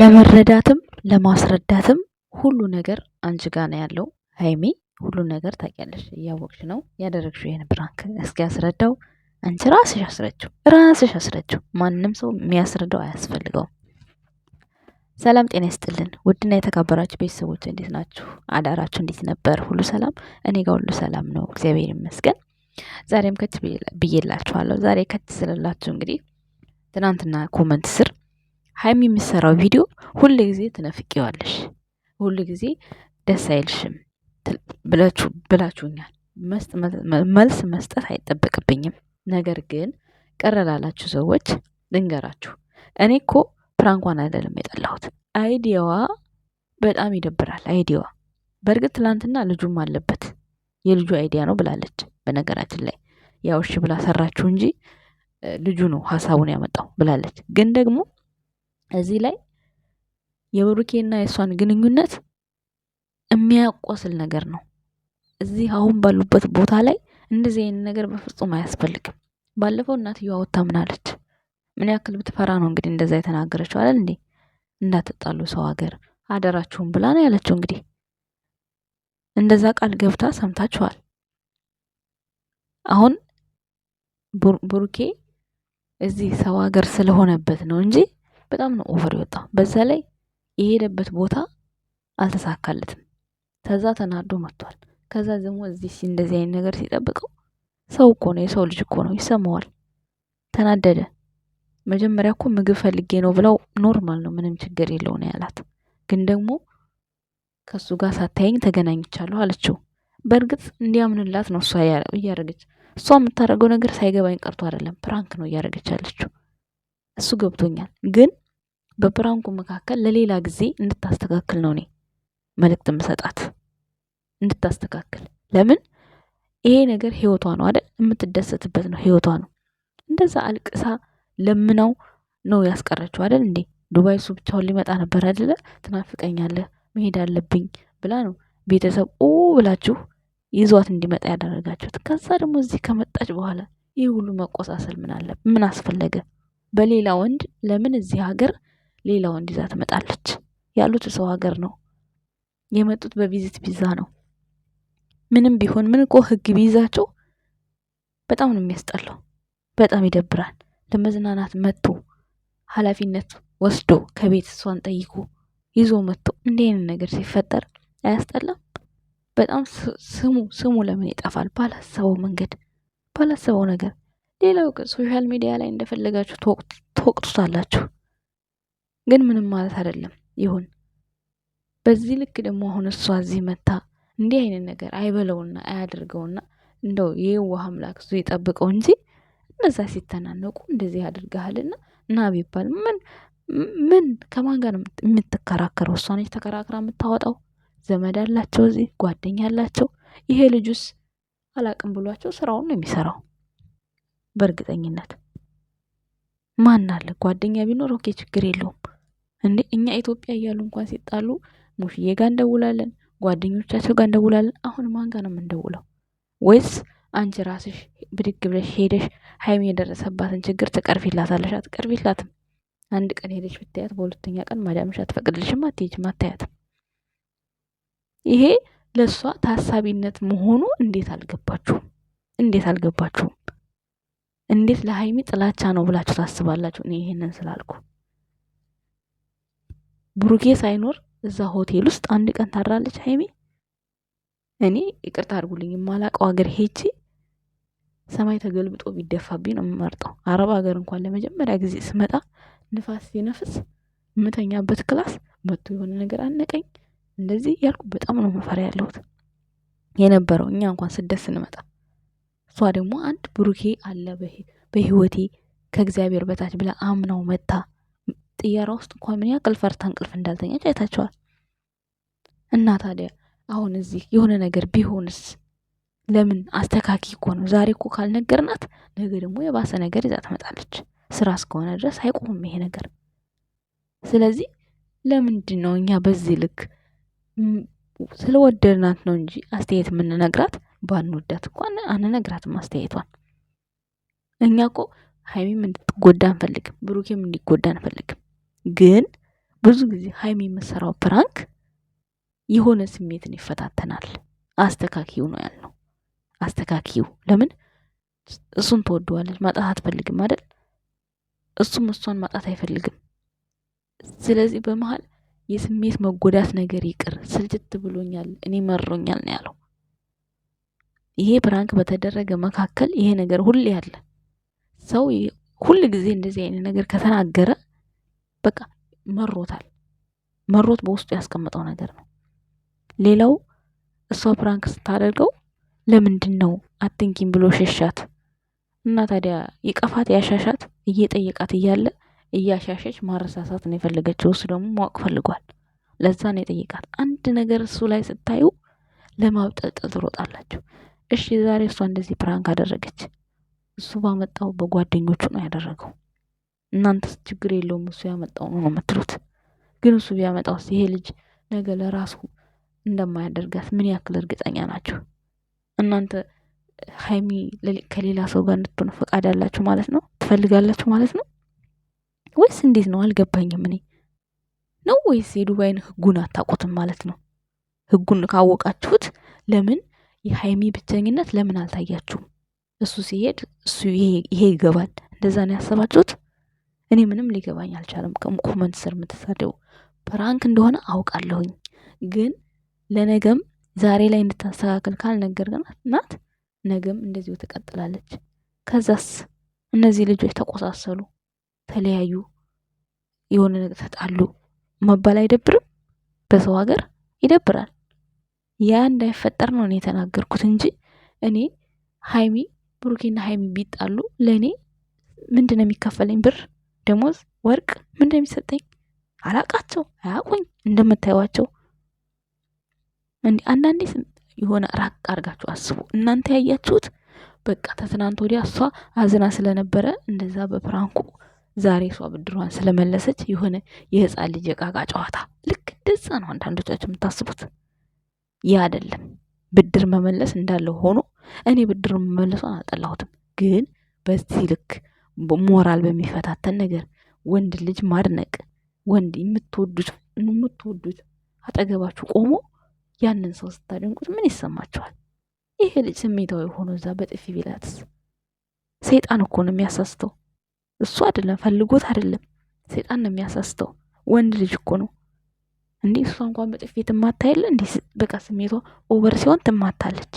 ለመረዳትም ለማስረዳትም ሁሉ ነገር አንቺ ጋ ነው ያለው። ሀይሚ ሁሉ ነገር ታውቂያለሽ፣ እያወቅሽ ነው ያደረግሽው ይህን ፕራንክ። እስኪ ያስረዳው አንቺ ራስሽ አስረችው፣ ራስሽ አስረችው። ማንም ሰው የሚያስረዳው አያስፈልገውም። ሰላም ጤና ይስጥልን። ውድና የተከበራችሁ ቤተሰቦች እንዴት ናችሁ? አዳራችሁ እንዴት ነበር? ሁሉ ሰላም? እኔ ጋር ሁሉ ሰላም ነው፣ እግዚአብሔር ይመስገን። ዛሬም ከች ብዬላችኋለሁ። ዛሬ ከች ስለላችሁ እንግዲህ ትናንትና ኮመንት ስር ሀይሚ የሚሰራው ቪዲዮ ሁል ጊዜ ትነፍቂዋለሽ፣ ሁል ጊዜ ደስ አይልሽም ብላችሁኛል። መልስ መስጠት አይጠበቅብኝም። ነገር ግን ቀረላላችሁ ሰዎች ልንገራችሁ፣ እኔ እኮ ፕራንኳን አይደለም የጠላሁት። አይዲያዋ በጣም ይደብራል። አይዲያዋ በእርግጥ ትናንትና ልጁም አለበት የልጁ አይዲያ ነው ብላለች። በነገራችን ላይ ያው እሺ ብላ ሰራችሁ እንጂ ልጁ ነው ሀሳቡን ያመጣው ብላለች። ግን ደግሞ እዚህ ላይ የብሩኬና የእሷን ግንኙነት የሚያቆስል ነገር ነው። እዚህ አሁን ባሉበት ቦታ ላይ እንደዚህ አይነት ነገር በፍጹም አያስፈልግም። ባለፈው እናትየዋ ወታ ምናለች? ምን ያክል ብትፈራ ነው እንግዲህ እንደዛ የተናገረችው አይደል እንዴ? እንዳትጣሉ ሰው ሀገር አደራችሁን ብላ ነው ያለችው። እንግዲህ እንደዛ ቃል ገብታ ሰምታችኋል። አሁን ቡርኬ እዚህ ሰው ሀገር ስለሆነበት ነው እንጂ በጣም ነው ኦቨር የወጣው። በዛ ላይ የሄደበት ቦታ አልተሳካለትም። ከዛ ተናዶ መጥቷል። ከዛ ደግሞ እዚህ እንደዚህ አይነት ነገር ሲጠብቀው ሰው እኮ ነው የሰው ልጅ እኮ ነው ይሰማዋል። ተናደደ። መጀመሪያ እኮ ምግብ ፈልጌ ነው ብለው ኖርማል ነው ምንም ችግር የለው ነው ያላት። ግን ደግሞ ከሱ ጋር ሳታየኝ ተገናኝቻለሁ አለችው። በእርግጥ እንዲያምንላት ነው እሷ እያደረገች እሷ የምታደርገው ነገር ሳይገባኝ ቀርቶ አይደለም፣ ፕራንክ ነው እያደረገች ያለችው። እሱ ገብቶኛል፣ ግን በፕራንኩ መካከል ለሌላ ጊዜ እንድታስተካክል ነው እኔ መልእክት የምሰጣት እንድታስተካክል። ለምን ይሄ ነገር ህይወቷ ነው አይደል? የምትደሰትበት ነው ህይወቷ ነው። እንደዛ አልቅሳ ለምነው ነው ያስቀረችው አይደል እንዴ? ዱባይ እሱ ብቻውን ሊመጣ ነበር አይደለ? ትናፍቀኛለህ መሄድ አለብኝ ብላ ነው ቤተሰብ ኡ ብላችሁ ይዟት እንዲመጣ ያደረጋችሁት? ከዛ ደግሞ እዚህ ከመጣች በኋላ ይህ ሁሉ መቆሳሰል ምን አለ? ምን አስፈለገ? በሌላ ወንድ ለምን እዚህ ሀገር ሌላ ወንድ ይዛ ትመጣለች? ያሉት ሰው ሀገር ነው የመጡት፣ በቪዚት ቪዛ ነው። ምንም ቢሆን ምን እኮ ህግ ቢይዛቸው በጣም ነው የሚያስጠላው። በጣም ይደብራል። ለመዝናናት መጥቶ ኃላፊነት ወስዶ ከቤት እሷን ጠይቆ ይዞ መጥቶ እንዲህ አይነት ነገር ሲፈጠር አያስጠላም? በጣም ስሙ ስሙ ለምን ይጠፋል? ባላሰበው መንገድ ባላሰበው ነገር። ሌላው ሶሻል ሚዲያ ላይ እንደፈለጋችሁ ተወቅቱታላችሁ፣ ግን ምንም ማለት አይደለም። ይሁን በዚህ ልክ ደግሞ አሁን እሷ እዚህ መታ እንዲህ አይነት ነገር አይበለውና አያደርገውና እንደው የዋህ አምላክ እሱ ይጠብቀው እንጂ እነዛ ሲተናነቁ እንደዚህ አድርገሃልና ና ቢባል ምን ምን ከማን ጋር የምትከራከረው? እሷ ነች ተከራክራ የምታወጣው። ዘመድ አላቸው፣ እዚህ ጓደኛ አላቸው። ይሄ ልጁስ አላቅም ብሏቸው ስራውን ነው የሚሰራው። በእርግጠኝነት ማን አለ ጓደኛ ቢኖር ኦኬ ችግር የለውም። እንዴ እኛ ኢትዮጵያ እያሉ እንኳን ሲጣሉ ሙሽዬ ጋር እንደውላለን፣ ጓደኞቻቸው ጋር እንደውላለን። አሁን ማን ጋር ነው የምንደውለው? ወይስ አንቺ ራስሽ ብድግ ብለሽ ሄደሽ ሀይሚ የደረሰባትን ችግር ትቀርፊላታለሽ? አትቀርፊላትም። አንድ ቀን ሄደሽ ብታያት በሁለተኛ ቀን ማዳምሽ አትፈቅድልሽም፣ አትሄጅም፣ አታያትም። ይሄ ለእሷ ታሳቢነት መሆኑ እንዴት አልገባችሁም? እንዴት አልገባችሁም? እንዴት ለሀይሚ ጥላቻ ነው ብላችሁ ታስባላችሁ? እኔ ይሄንን ስላልኩ ብሩኬ ሳይኖር እዛ ሆቴል ውስጥ አንድ ቀን ታድራለች ሀይሚ። እኔ ይቅርታ አድርጉልኝ የማላቀው ሀገር ሄቺ ሰማይ ተገልብጦ ቢደፋብኝ ነው የምመርጠው። አረብ ሀገር እንኳን ለመጀመሪያ ጊዜ ስመጣ ንፋስ ሲነፍስ የምተኛበት ክላስ መቶ የሆነ ነገር አነቀኝ እንደዚህ እያልኩ በጣም ነው መፈራ ያለሁት የነበረው እኛ እንኳን ስደት ስንመጣ። እሷ ደግሞ አንድ ብሩኬ አለ በህይወቴ ከእግዚአብሔር በታች ብላ አምናው መታ ጥያራ ውስጥ እንኳን ምን ያክል ፈርታ እንቅልፍ እንዳልተኛች አይታቸዋል እና ታዲያ አሁን እዚህ የሆነ ነገር ቢሆንስ ለምን አስተካኪ እኮ ነው። ዛሬ እኮ ካልነገርናት ነገ ደግሞ የባሰ ነገር ይዛ ትመጣለች። ስራ እስከሆነ ድረስ አይቆምም ይሄ ነገር። ስለዚህ ለምንድን ነው እኛ በዚህ ልክ ስለወደድናት ነው እንጂ አስተያየት የምንነግራት። ባንወዳት እንኳን አንነግራትም አስተያየቷን። እኛ እኮ ሀይሚም እንድትጎዳ አንፈልግም፣ ብሩኬም እንዲጎዳ አንፈልግም። ግን ብዙ ጊዜ ሀይሚ የምትሰራው ፕራንክ የሆነ ስሜትን ይፈታተናል። አስተካኪው ነው ያልነው። አስተካኪው ለምን እሱን ትወደዋለች፣ ማጣት አትፈልግም አይደል? እሱም እሷን ማጣት አይፈልግም። ስለዚህ በመሀል የስሜት መጎዳት ነገር ይቅር፣ ስልችት ብሎኛል፣ እኔ መሮኛል ነው ያለው። ይሄ ፕራንክ በተደረገ መካከል ይሄ ነገር ሁሌ ያለ ሰው ሁል ጊዜ እንደዚህ አይነት ነገር ከተናገረ በቃ መሮታል። መሮት በውስጡ ያስቀመጠው ነገር ነው። ሌላው እሷ ፕራንክ ስታደርገው ለምንድን ነው አትንኪም ብሎ ሸሻት እና ታዲያ ይቀፋት ያሻሻት እየጠየቃት እያለ እያሻሸች ማረሳሳት ነው የፈለገችው። እሱ ደግሞ ማወቅ ፈልጓል። ለዛ ነው የጠየቃት። አንድ ነገር እሱ ላይ ስታዩ ለማብጠጥ ትሮጣላችሁ። እሺ ዛሬ እሷ እንደዚህ ፕራንክ አደረገች። እሱ ባመጣው በጓደኞቹ ነው ያደረገው። እናንተስ ችግር የለውም እሱ ያመጣው ነው የምትሉት። ግን እሱ ቢያመጣውስ ይሄ ልጅ ነገ ለራሱ እንደማያደርጋት ምን ያክል እርግጠኛ ናችሁ? እናንተ ሀይሚ ከሌላ ሰው ጋር እንድትሆን ፈቃድ አላችሁ ማለት ነው፣ ትፈልጋላችሁ ማለት ነው። ወይስ እንዴት ነው አልገባኝም። እኔ ነው ወይስ የዱባይን ህጉን አታውቁትም ማለት ነው? ህጉን ካወቃችሁት ለምን የሀይሚ ብቸኝነት ለምን አልታያችሁም? እሱ ሲሄድ እሱ ይሄ ይገባል። እንደዛ ነው ያሰባችሁት? እኔ ምንም ሊገባኝ አልቻለም። ኮመንት ስር የምትሳደው ፕራንክ እንደሆነ አውቃለሁኝ፣ ግን ለነገም ዛሬ ላይ እንድታስተካከል ካልነገርናት ነገም እንደዚሁ ትቀጥላለች። ከዛስ እነዚህ ልጆች ተቆሳሰሉ። ተለያዩ፣ የሆነ ነገር ተጣሉ መባል አይደብርም? በሰው ሀገር ይደብራል። ያ እንዳይፈጠር ነው እኔ የተናገርኩት እንጂ እኔ ሀይሚ ብሩኬና ሀይሚ ቢጣሉ ለእኔ ምንድን ነው የሚከፈለኝ? ብር፣ ደሞዝ፣ ወርቅ ምንድን ነው የሚሰጠኝ? አላቃቸው፣ አያቁኝ። እንደምታዩዋቸው እንዲ አንዳንዴ የሆነ ራቅ አድርጋችሁ አስቡ። እናንተ ያያችሁት በቃ ተትናንት ወዲያ እሷ አዝና ስለነበረ እንደዛ በፕራንኩ ዛሬ እሷ ብድሯን ስለመለሰች የሆነ የህፃን ልጅ የቃቃ ጨዋታ ልክ እንደዛ ነው አንዳንዶቻችሁ የምታስቡት። ያ አይደለም። ብድር መመለስ እንዳለው ሆኖ እኔ ብድር መመለሷን አልጠላሁትም፣ ግን በዚህ ልክ ሞራል በሚፈታተን ነገር ወንድ ልጅ ማድነቅ ወንድ የምትወዱት የምትወዱት አጠገባችሁ ቆሞ ያንን ሰው ስታደንቁት ምን ይሰማችኋል? ይሄ ልጅ ስሜታዊ ሆኖ እዛ በጥፊ ቢላትስ? ሰይጣን እኮ ነው የሚያሳስተው። እሱ አይደለም ፈልጎት አይደለም ሴጣን ነው የሚያሳስተው። ወንድ ልጅ እኮ ነው እንዴ እሷ እንኳን በጥፊ ትማታ የለ እንዴ በቃ ስሜቷ ኦቨር ሲሆን ትማታለች።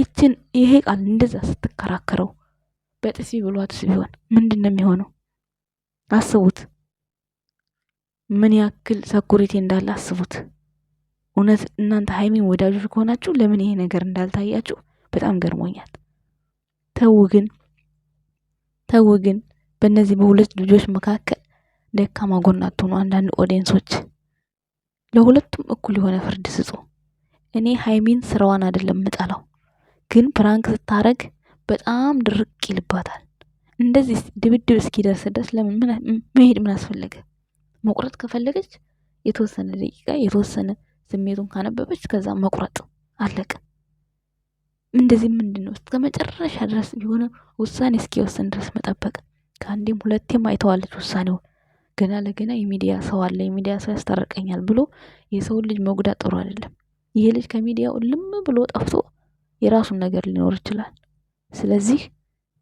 ይችን ይሄ ቃል እንደዛ ስትከራከረው በጥፊ ብሏትስ ቢሆን ምንድን ነው የሚሆነው? አስቡት፣ ምን ያክል ሰኩሪቲ እንዳለ አስቡት። እውነት እናንተ ሀይሚን ወዳጆች ከሆናችሁ ለምን ይሄ ነገር እንዳልታያችሁ በጣም ገርሞኛል። ተው ግን ተው ግን በእነዚህ በሁለት ልጆች መካከል ደካማ ጎን አትሆኑ። አንዳንድ ኦዲየንሶች ለሁለቱም እኩል የሆነ ፍርድ ስጡ። እኔ ሀይሚን ስራዋን አይደለም ምጠላው፣ ግን ፕራንክ ስታረግ በጣም ድርቅ ይልባታል። እንደዚህ ድብድብ እስኪደርስ ድረስ ለምን መሄድ ምን አስፈለገ? መቁረጥ ከፈለገች የተወሰነ ደቂቃ የተወሰነ ስሜቱን ካነበበች ከዛ መቁረጥ አለቀ። እንደዚህ ምንድን ነው እስከ መጨረሻ ድረስ የሆነ ውሳኔ እስኪወስን ድረስ መጠበቅ። ከአንዴም ሁለቴም አይተዋለች ውሳኔው። ገና ለገና የሚዲያ ሰው አለ የሚዲያ ሰው ያስታርቀኛል ብሎ የሰውን ልጅ መጉዳት ጥሩ አይደለም። ይሄ ልጅ ከሚዲያው ልም ብሎ ጠፍቶ የራሱን ነገር ሊኖር ይችላል። ስለዚህ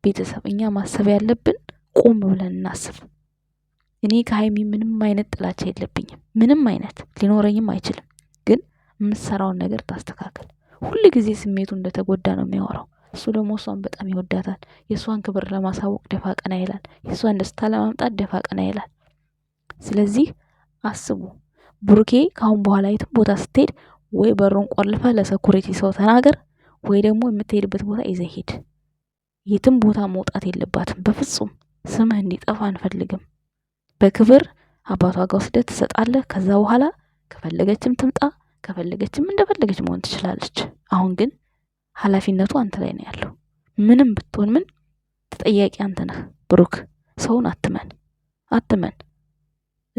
ቤተሰብ እኛ ማሰብ ያለብን ቁም ብለን እናስብ። እኔ ከሀይሚ ምንም አይነት ጥላቻ የለብኝም፣ ምንም አይነት ሊኖረኝም አይችልም። ግን የምትሰራውን ነገር ታስተካከል። ሁል ጊዜ ስሜቱ እንደተጎዳ ነው የሚያወራው። እሱ ደግሞ እሷን በጣም ይወዳታል። የእሷን ክብር ለማሳወቅ ደፋ ቀና ይላል። የእሷን ደስታ ለማምጣት ደፋ ቀና ይላል። ስለዚህ አስቡ ቡርኬ ካሁን በኋላ የትም ቦታ ስትሄድ ወይ በሩን ቆልፈ ለሰኩሪቲ ሰው ተናገር፣ ወይ ደግሞ የምትሄድበት ቦታ ይዘህ ሂድ። የትም ቦታ መውጣት የለባትም በፍጹም። ስምህ እንዲጠፋ አንፈልግም። በክብር አባቷ ጋር ስደት ትሰጣለህ። ከዛ በኋላ ከፈለገችም ትምጣ ከፈለገችም እንደፈለገች መሆን ትችላለች። አሁን ግን ኃላፊነቱ አንተ ላይ ነው ያለው። ምንም ብትሆን ምን ተጠያቂ አንተ ነህ ብሩክ። ሰውን አትመን አትመን።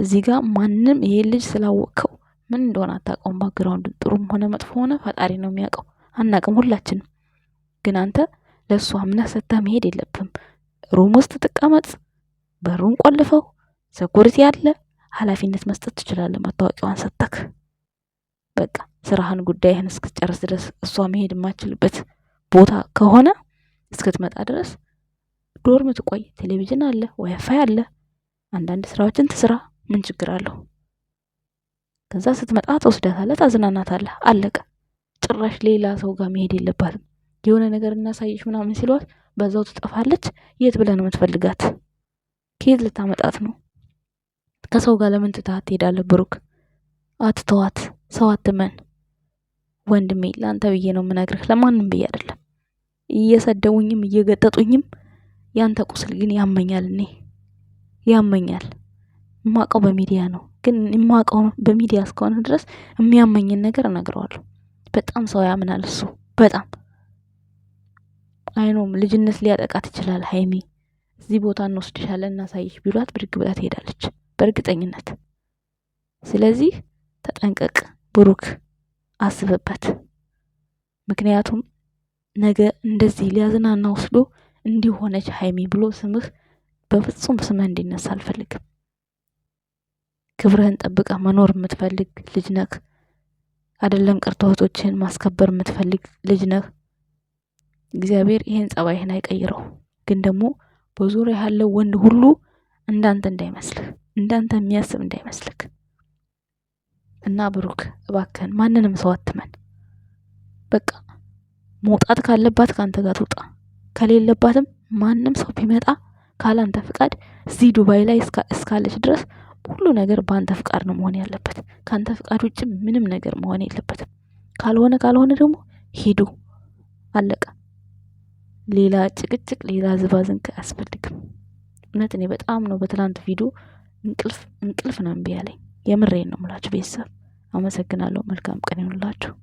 እዚህ ጋር ማንም ይሄ ልጅ ስላወቅከው ምን እንደሆነ አታውቀውም። ባግራውንድ ጥሩም ሆነ መጥፎ ሆነ ፈጣሪ ነው የሚያውቀው፣ አናቀም ሁላችንም። ግን አንተ ለእሱ አምነህ ሰጥተህ መሄድ የለብህም። ሩም ውስጥ ትቀመጥ፣ በሩን ቆልፈው፣ ሰኩሪቲ አለ። ኃላፊነት መስጠት ትችላለህ መታወቂያዋን ሰጥተህ በቃ ስራህን ጉዳይህን እስክትጨርስ ድረስ እሷ መሄድ የማችልበት ቦታ ከሆነ እስክትመጣ ድረስ ዶርም ትቆይ። ቴሌቪዥን አለ፣ ዋይፋይ አለ። አንዳንድ ስራዎችን ትስራ። ምን ችግር አለው? ከዛ ስትመጣ ትወስዳታለህ፣ ታዝናናታለህ። አለቀ። ጭራሽ ሌላ ሰው ጋር መሄድ የለባትም። የሆነ ነገር እናሳየሽ ምናምን ሲሏት በዛው ትጠፋለች። የት ብለን የምትፈልጋት? ከየት ልታመጣት ነው? ከሰው ጋር ለምን ትታት ትሄዳለህ? ብሩክ አትተዋት። ሰው አትመን ወንድሜ፣ ለአንተ ብዬ ነው የምነግርህ፣ ለማንም ብዬ አይደለም። እየሰደቡኝም እየገጠጡኝም ያንተ ቁስል ግን ያመኛል። እኔ ያመኛል። እማውቀው በሚዲያ ነው፣ ግን እማውቀው በሚዲያ እስከሆነ ድረስ የሚያመኝን ነገር እነግረዋለሁ። በጣም ሰው ያምናል እሱ በጣም አይኖም ልጅነት ሊያጠቃት ይችላል። ሀይሚ እዚህ ቦታ እንወስድሻለን እናሳይሽ ቢሏት ብድግ ብላ ትሄዳለች በእርግጠኝነት። ስለዚህ ተጠንቀቅ። ብሩክ አስብበት። ምክንያቱም ነገ እንደዚህ ሊያዝናና ወስዶ እንዲሆነች ሀይሚ ብሎ ስምህ በፍጹም ስምህ እንዲነሳ አልፈልግም። ክብርህን ጠብቀ መኖር የምትፈልግ ልጅ ነህ። አይደለም ቅርታ እህቶችህን ማስከበር የምትፈልግ ልጅ ነህ። እግዚአብሔር ይህን ጸባይህን አይቀይረው። ግን ደግሞ በዙሪያ ያለው ወንድ ሁሉ እንዳንተ እንዳይመስልህ፣ እንዳንተ የሚያስብ እንዳይመስልህ እና ብሩክ እባከን ማንንም ሰው አትመን። በቃ መውጣት ካለባት ከአንተ ጋር ትውጣ፣ ከሌለባትም ማንም ሰው ቢመጣ ካላንተ ፍቃድ እዚህ ዱባይ ላይ እስካለች ድረስ ሁሉ ነገር በአንተ ፍቃድ ነው መሆን ያለበት። ከአንተ ፍቃድ ውጭ ምንም ነገር መሆን የለበትም። ካልሆነ ካልሆነ ደግሞ ሄዱ አለቀ። ሌላ ጭቅጭቅ፣ ሌላ ዝባዝንክ አያስፈልግም። እውነት እኔ በጣም ነው በትላንት ቪዲዮ እንቅልፍ እንቅልፍ ነው እምቢ ያለኝ። የምሬን ነው ምላችሁ ቤተሰብ አመሰግናለሁ። መልካም ቀን ይሁንላችሁ።